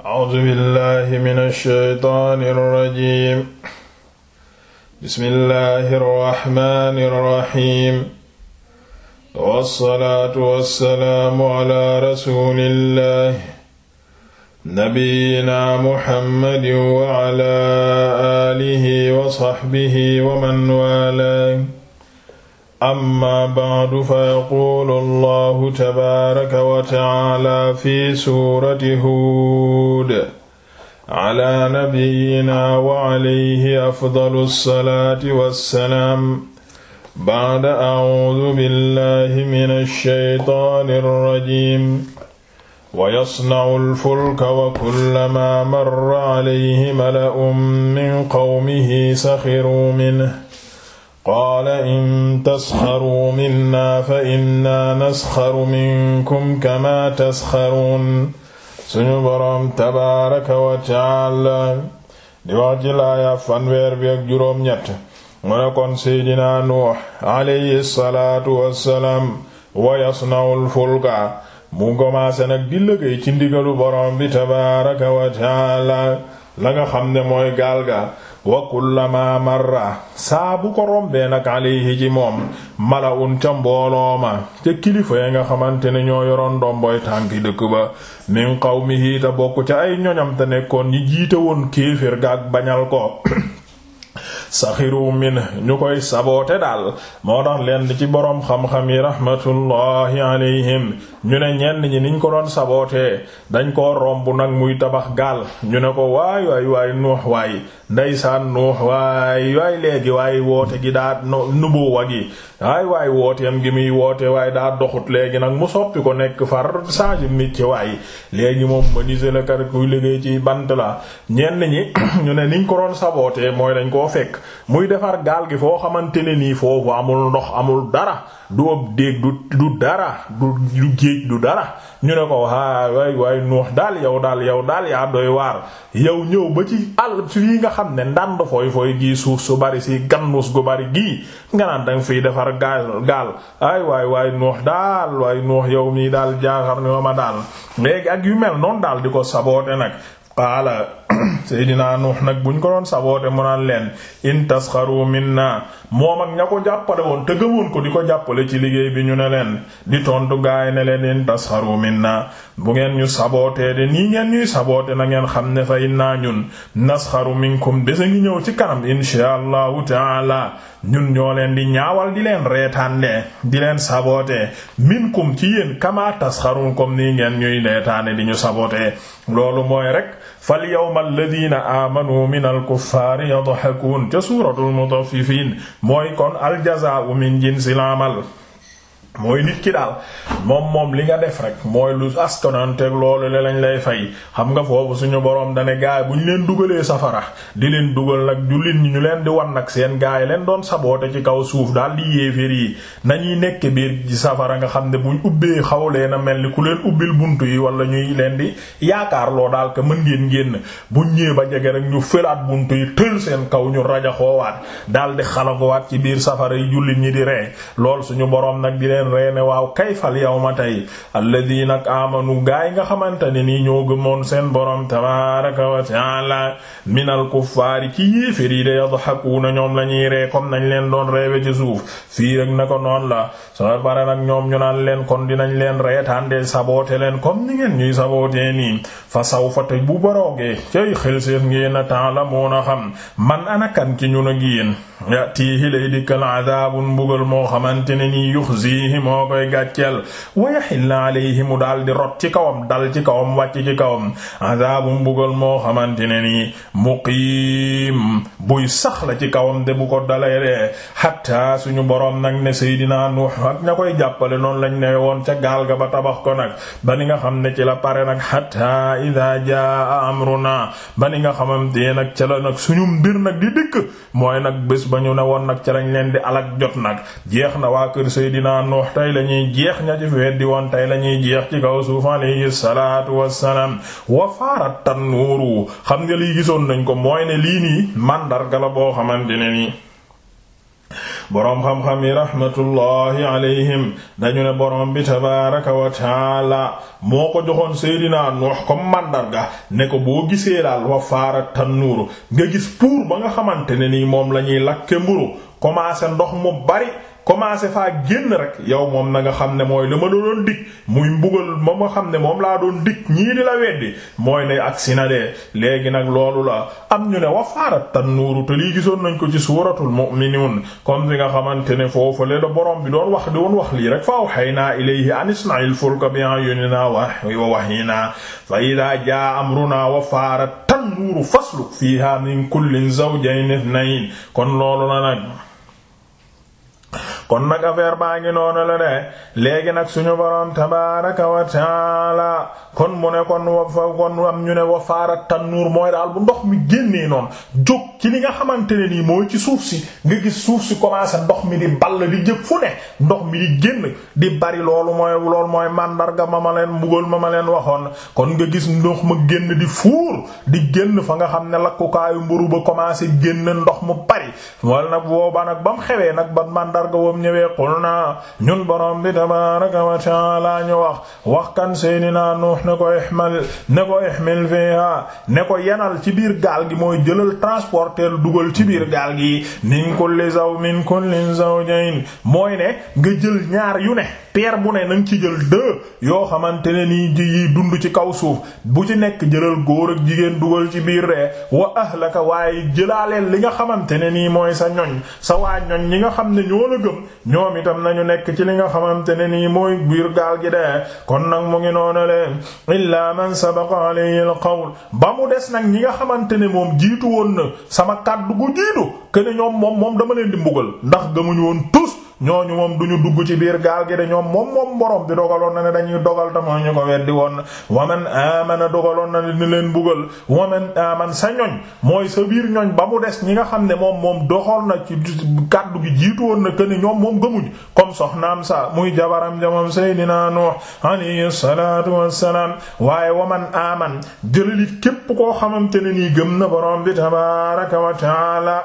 A'uuzu billaahi mina shaytaani rajiim. Bismillaahi rahmaani rahiim. Wassalaatu wassalaamu alaa rasuulillaahi. Nabiyyinaa Muhammadin wa alaa aalihi wa sahbihi wa man waalaahu. amma ba'du fa yaquulu allahu tabaaraka wa ta'aala fi suurati huud ala nabiyyina wa alayhi afdalu salaati wa salaam ba'da a'uudu billahi mina shaytaani rajiim wa yasna'u al-fulka wa kullamaa marra alayhi mala'un min qawmihi saxiruu minhu qaala in tasxaruu minna fa inna nasxaru minkum kama tasxaruun suñu boroom tabaaraka wa taala di wax ci laaya fanweer bi ak juróom-ñett mu ne kon seydinaa nuux alayhi salaatu wassalaam wa yasna'ul fulka mu commencé nag di liggéey ci ndigalu bi tabaaraka wa taala la nga xam ne mooy gaal ga wa kullama marra saa bu ko rombee nag alayhi ci moom mala'un ca mbooloo ma ca kilifa ya nga xamante ne ñoo yoroon ndomboy tànki dëkk ba min qawmihi ta bokk ca ay ñoñam te nekkoon ñi jiite woon kéefér gaag bañal ko saxiru min ñu koy saboote daal moo tax leen ci boroom xam-xam yi rahmatullahi alayhim ñu ne ñenn ñi niñ ko doon sabootee dañ ko romb nag muy tabax gaal ñu ne ko waay waay waay nuux waay ndeysaan nuux waay waay léegi waay woote gi daa nubuwa gi waay waay wooteem gi muy woote waay daa doxut léegi nag mu soppi ko nekk far change métier waay léegi moom menuisier la kar kuy liggéey ci bant la ñenn ñi ñu ne niñ ko doon sabootee mooy dañ koo fekk muy defar gaal gi foo xamante ne nii foofu amul ndox amul dara du ab déeg du dara du du géej du dara ñu ne ko aa waay waay nuux daal yow daal yow daal yaa doy waar yow ñëw ba ci àll fii nga xam ne ndànd fooy fooy gi suuf su bari si gannuus gu bari gii nga naan danga fiy defar gaal gaal ay waay waay nuux daal waay nuux yow mii daal jaaxar ni ma daal léegi ak yu mel noonu daal di ko saboote nag qaala Seydina Nuux nag bu buñ ko doon saboote mu naan leen in tasxaru minna moom ak ña ko jàppale woon te gëmoon ko di ko jàppale ci liggéey bi ñu ne leen di tontu gaay ne leen in tasxaru minna bu ngeen ñu sabootee de nii ngeen ñuy saboote na ngeen xam ne fa naa ñun nasxaru minkum bés a ngi ñëw ci kanam inshaa Allahu taala ñun ñoo leen di ñaawal di leen reetaan de di leen sabote minkum ci yéen kama tasxarun comme nii ngeen ñuy reetaane di ñu sabote loolu mooy rek fal yawma alladina amanu min alkuffaari yadhakuun ca suuratul mutaffifiin mooy kon aljazaa'u min jinsil amal mooy nit ki daal moom moom li nga def rek mooy lu askananteeg loolu le lañ lay fay xam nga foofu suñu borom dane gaay bu ñu leen dugalee safara di leen dugal nag jullit ñi ñu leen di wan nag seen gaay leen doon saboote ci kaw suuf daal di yéeféer yi nañuy nekk biir ci safara nga xam ne buñ ubbee xaw leen a mel ni ku leen ubbil buntu yi wala ñuy leen di yaakaarloo daal ka mën ngeen génn bu ñëwee ba jege rek ñu fëlaat bunt yi tël seen kaw ñu rajaxoowaat daal di xalakowaat ci biir safara yi jullit di leen reene waaw kayfal yawma tey alladina amanu gaay nga xamante ne nii ñoo gëmoon seen borom tabaraka wa taala minal kuffaari ci yéefér yi de yadhakuuna ñoom la ñuy ree comme leen doon reewe na ko noonu la soo pare nag ñoom ñu naan leen kon dinañ leen reetaande saboote leen comme ni ngeen ñuy sabootee nii fa bu a taalamuuna xam man a yatiihi lay dikkal adaabun mbugal moo xamante ne nii yuxziihi moo koy gàcceel wa yaxilla alayhi mu daal di rot ci kawam dal ci kawam wàcc ci kawam adaabun mbugal moo xamante ne nii muqiim buy sax la ci kawam de bu ko dalee de xatta suñu borom nag ne Seydina Nuux ak ña koy jàppale noonu lañ ne woon ca gaal ga ba tabax ko nag ba ni nga xam ne ci la pare nag xatta ida jaa amruna ba ni nga xamante nag ca la nag suñu mbir nag di dikk mooy nag bés ba ñu ne woon nag ca lañ leen di alag jot nag jeex na waa kër Seydina noox tey la ñuy jeex ña ci weddi woon tey la ñuy jeex ci kaw suuf alayhi salaatu wassalaam wa faarat tannuuru xam nga lii gisoon nañ ko mooy ne lii nii màndargala boo xamante ne nii boroom xam-xam yi rahmatullahi alayhim dañu ne boroom bi tabaaraka wa taala moo ko joxoon Seydina Nuux comme màndarga ne ko boo gisee daal wa faara tannuuru nga gis pour ba nga xamante ne nii moom la ñuy lakke mburu commencé ndox mu bari commencé faa génn rek yow moom na nga xam ne mooy la ma doon dig muy mbugal moom nga xam ne moom laa doon dig ñii di la weddi mooy ne agsi na de léegi nag loolu la am ñu ne wa faarat tannuuru te lii gisoon nañ ko ci suuratul mu'minuun comme bi nga xamante ne foofu la borom bi doon wax di woon wax lii rek fa awhaynaa ilayhi an isna'il fulka bi wax wa wahyinaa fa idaa jaa amrunaa wa faarat tannuuru fasluk fiihaa min kullin zawjayn ithnayn kon loolu kon nag affaire baa ngi noonu la de léegi nag suñu boroom tabaaraka wa taala kon mu ne kon wa fa kon am ñu ne wa tan nuur mooy daal bu ndox mi génnee noonu jóg ci li nga xamante ne nii mooy ci suuf si nga gis suuf si commencé ndox mi di ball di jëg fu ne ndox mi di génn di bari loolu mooy loolu mooy màndarga ma ma leen mbugal ma ma leen waxoon kon nga gis ndox ma génn di fuur di génn fa nga xam ne lakkukaayu mburu ba commencé génn ndox mu bari wal nag woo ba nag ba mu xewee nag ba màndarga woom ñëwee xul naa ñun borom bi tabaaraka wa laa ñu wax wax kan seeni naa wax ne ko ihmal ne ko ihmil fiha ne ko yanal ci biir gaal gi mooy jëlal transporter dugal ci biir gaal gi min kulli zaw min kulli zawjayn mooy ne nga jël ñaar yu ne paire bu ne nanga ci jël deux yoo xamante ne nii ji yi dund ci kaw suuf bu ci nekk jëlal góor ak jigéen dugal ci biir ree wa ahlaka waaye jëlaaleel li nga xamante ne nii mooy sa ñoñ sa waa ñoñ ñi nga xam ne ñoo la gëm ñoom itam nañu nekk ci li nga xamante ne nii mooy biir gaal gi de kon nag mu ngi noonu illaa man sabaqa alayhi alqawl ba mu des nag ñi nga xamante ne moom jiitu woon na sama kàddu gu jiitu kene ñoom moom moom dama leen di mbugal ndax gëmuñu woon tus ñooñu moom du ñu dugg ci biir gaal gi de ñoom moom moom borom bi dogaloon na ne dañuy dogal ta mooy ñu ko weddi woon waman a dogaloon na ne ni leen bugal waman aman sa ñoñ mooy sa biir ñoñ ba mu des ñi nga xam ne moom moom doxal na ci kaddu gi jiitu woon na këni ñoom moom gëmuñ comme soxnaam sa muy jabaram jamoom Seydina Nuh alayhi salaatu wassalaam waaye waman aman jëlalit képp koo xamante ne nii gëm na borom bi tabaaraka wa taala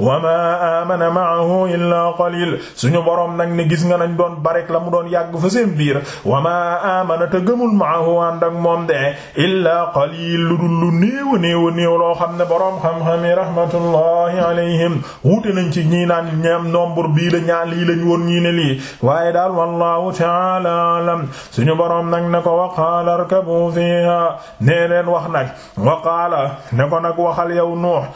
wa maa amana maahu illaa qalil suñu boroom nag ne gis nga nañ doon barek la mu doon yàgg fa seen biir wa maa amana te gëmul maahu ànd ak moom de illaa qalil lu dul lu néew a néew a néew loo xam ne boroom xam-xam yi rahmatullahi alayhim wuute nañ ci ñii ñam nombre bii la ñaan lii lañ woon ñii ne lii waaye daal wallahu ta'ala alam suñu boroom nag ne ko wa qaala arkabu fiha nee leen wax nag wa qaala yow nuux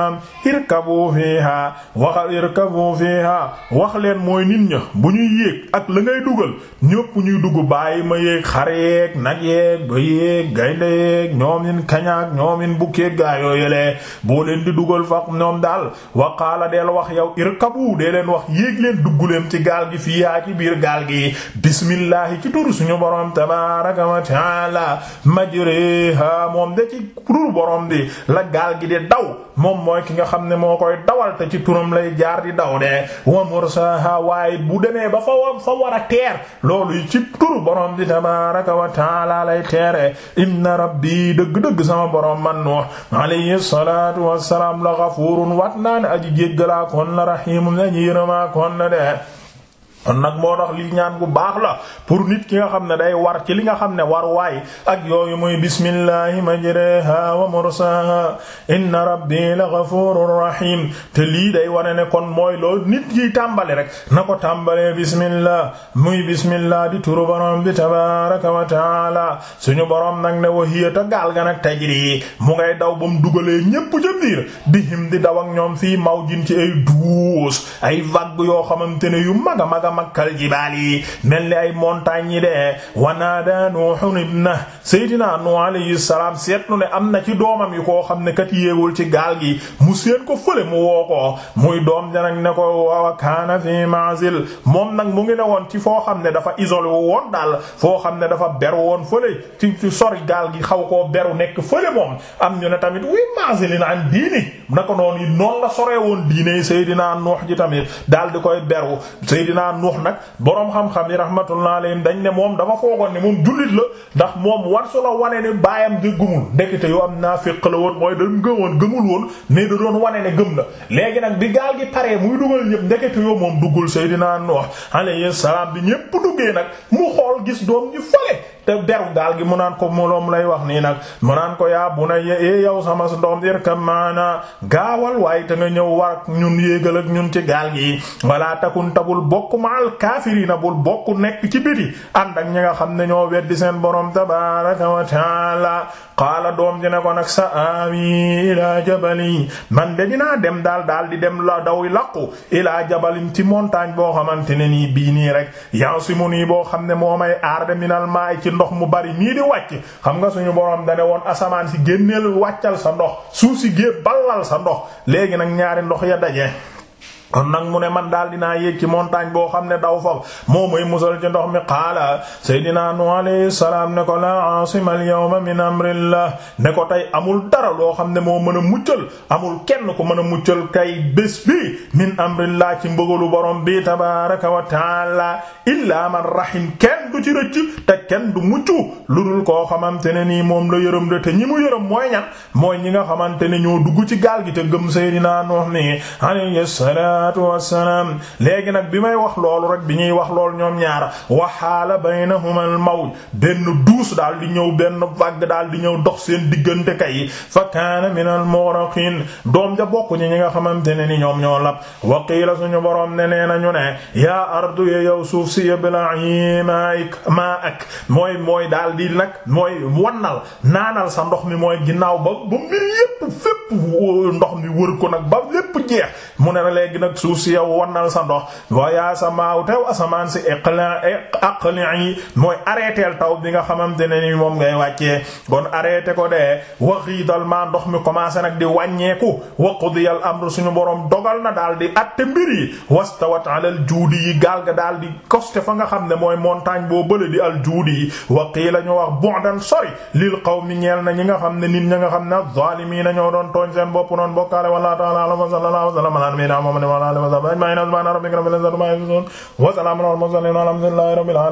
salaam irkabu fiha wax irkabu fiha wax leen mooy nit ña bu ñuy yéeg ak la ngay dugal ñëpp ñuy dugg bàyyi ma yéeg xar yeeg nag yeeg ba yeeg gaynde yeeg ñoomin kañaak ñoomin bukkeeg gaayoo yelee boo leen di dugal fa ñoom daal waqaala deel wax yow irkabu dee leen wax yéeg leen dugg leen ci gaal gi fiihaa ci biir gaal gi bismillahi ci tur suñu borom tabaaraka wa taala majriha moom de ci tur borom bi la gaal gi di daw moom mooy ki nga xam ne moo koy dawal te ci turam lay jaar di daw de wa mursaha waaye bu demee ba fa wa fa war a teer loolu yi ci turu borom di tabaaraka wa taala lay teere inna rabbi dëgg-dëgg sama borom man Nuux alayhi salaatu wassalaam la gafuurun wat naa ne aji jéggalaa kon la rahiimun aji yërëmaa kon la de kon nag moo tax lii ñaan bu baax la pour nit ki nga xam ne day war ci li nga xam ne war waay ak yooyu muy bismillahi majreha wa mursaha inna rabbi la ghafurur rahim te lii day wane ne kon mooy loolu nit kiy tàmbali rek na ko tàmbalee bismillah muy bismillah di turu borom bi wa taala suñu borom nag ne wa hiya ta gaal ga nag tajri mu ngay daw ba mu dugalee ñépp ca di him di daw ak ñoom fii mawjin ci ay duus ay vague yoo xamante ne yu mag a ka makkal jibaal yi mel ni ay montagnes yi de wanaada nuuhun ibna seydinaa nuuh alayhi salaam seetlu ne am na ci doomam yi koo xam ne kat yéewul ci gaal gi mu seen ko fële mu woo ko muy doom ja ne ko wa kaana fi manzil moom nag mu ngi ne woon ci foo xam ne dafa isolé wu dal foo xam ne dafa beru woon fële ci ci sori gaal gi xaw ko beru nekk fële moom am ñu ne tamit wi manzilin an diini na ko noonu noonu la soree woon diine seydinaa nuuh ji tamit daal nuux nag boroom xam-xam yi rahmatullah alayhim dañ ne moom dafa foogoon ne moom jullit la ndax moom war su la wane ne baayam di gumul ndekete yoo am naafiq la woon mooy dañ gëwoon gëmul woon ne da doon wane ne gëm la léegi nag bi gaal gi paree muy dugal ñëpp ndekete yoo moom duggul Seydina Nuux alayhi salaam bi ñëpp duggee nag mu xool gis doom ñu fale te deru gaal gi mu naan ko moloom lay wax nii nag mu naan ko yaa bu na yee yow sama doom irkam maana gaawal waaye te nga ñëw war ak ñun yéegal ak ñun ci gaal gi walla takun tabul bokk maal kaafiriina bul bokk nekk ci biti ànd ak nga xam ne ñoo weddi seen borom tabaaraka wa taala qaala doom ji ko nag sa aami ilaa jabali man de dinaa dem daal daal di dem la daw laqu ilaa jabalin ci montagne boo xamante ne nii bii nii rek yansimu nii boo xam ne moo may aar minal maay ndox mu bari nii di wàcc xam nga suñu borom dane woon asamaan si génneel wàccal sa ndox suuf si gée ballal sa ndox léegi nag ñaari ndox ya daje. kon nag mu ne man daal dinaa yéeg ci montagne boo xam ne daw fa moo may ndox mi qaala Seydina salaam ne ko laa asima al yawma min amrillah ko tey amul dara loo xam ne moo mën a muccal amul kenn ko mën a muccal tay bés bi min amrillah ci mbëgalu borom bi tabaaraka wa taala illaa man rahim kenn kenn du ci rëcc te kenn du mucc lu dul koo xamante ne nii moom la yërëm de te ñi mu yërëm mooy ñan mooy ñi nga xamante ne ñoo dugg ci gaal gi te gëm Seydina Nuux nii alayhi salaatu wassalaam léegi nag bi may wax loolu rek bi ñuy wax loolu ñoom ñaar waxaala baynahuma al mawj benn duus daal di ñëw benn vague daal di ñëw dox seen diggante kay fa kaana min al doom ja bokk ñi ñi nga xamante ne ni ñoom ñoo lab waqiila suñu borom ne nee nañu ne yaa ardu ma maa ak mooy mooy daal di nag mooy wannal naanal sa ndox mi mooy ginnaaw ba ba mbir yépp fépp ndox mi wër ko nag ba lépp jeex mu ne na léegi nag suuf si yow wannal sa ndox waya samaaw tew asamaan si iqla yi mooy arrêteel taw bi nga xamante ne ni moom ngay wàccee kon arrêté ko dee waxiidal maa ndox mi commencé nag di wàññeeku wa qudiyal amru suñu borom dogal na daal di atte mbir yi wastawat alal juudi yi gaal ga daal di koste fa nga xam ne mooy boo bële di aljuudi yi wa qiila ñu wax bu'dan sori lil qawmi ñeel na ñi nga xam ne nit ña nga xam ne zaalimiina ñoo doon tooñ seen bopp noonu bokkaale wallahu ta'ala a'lam wa sallallahu wa sallama ala nabiyyina muhammadin wa ala alihi wa sahbihi ajma'in subhana rabbika rabbil izzati amma yasifun wa salamun ala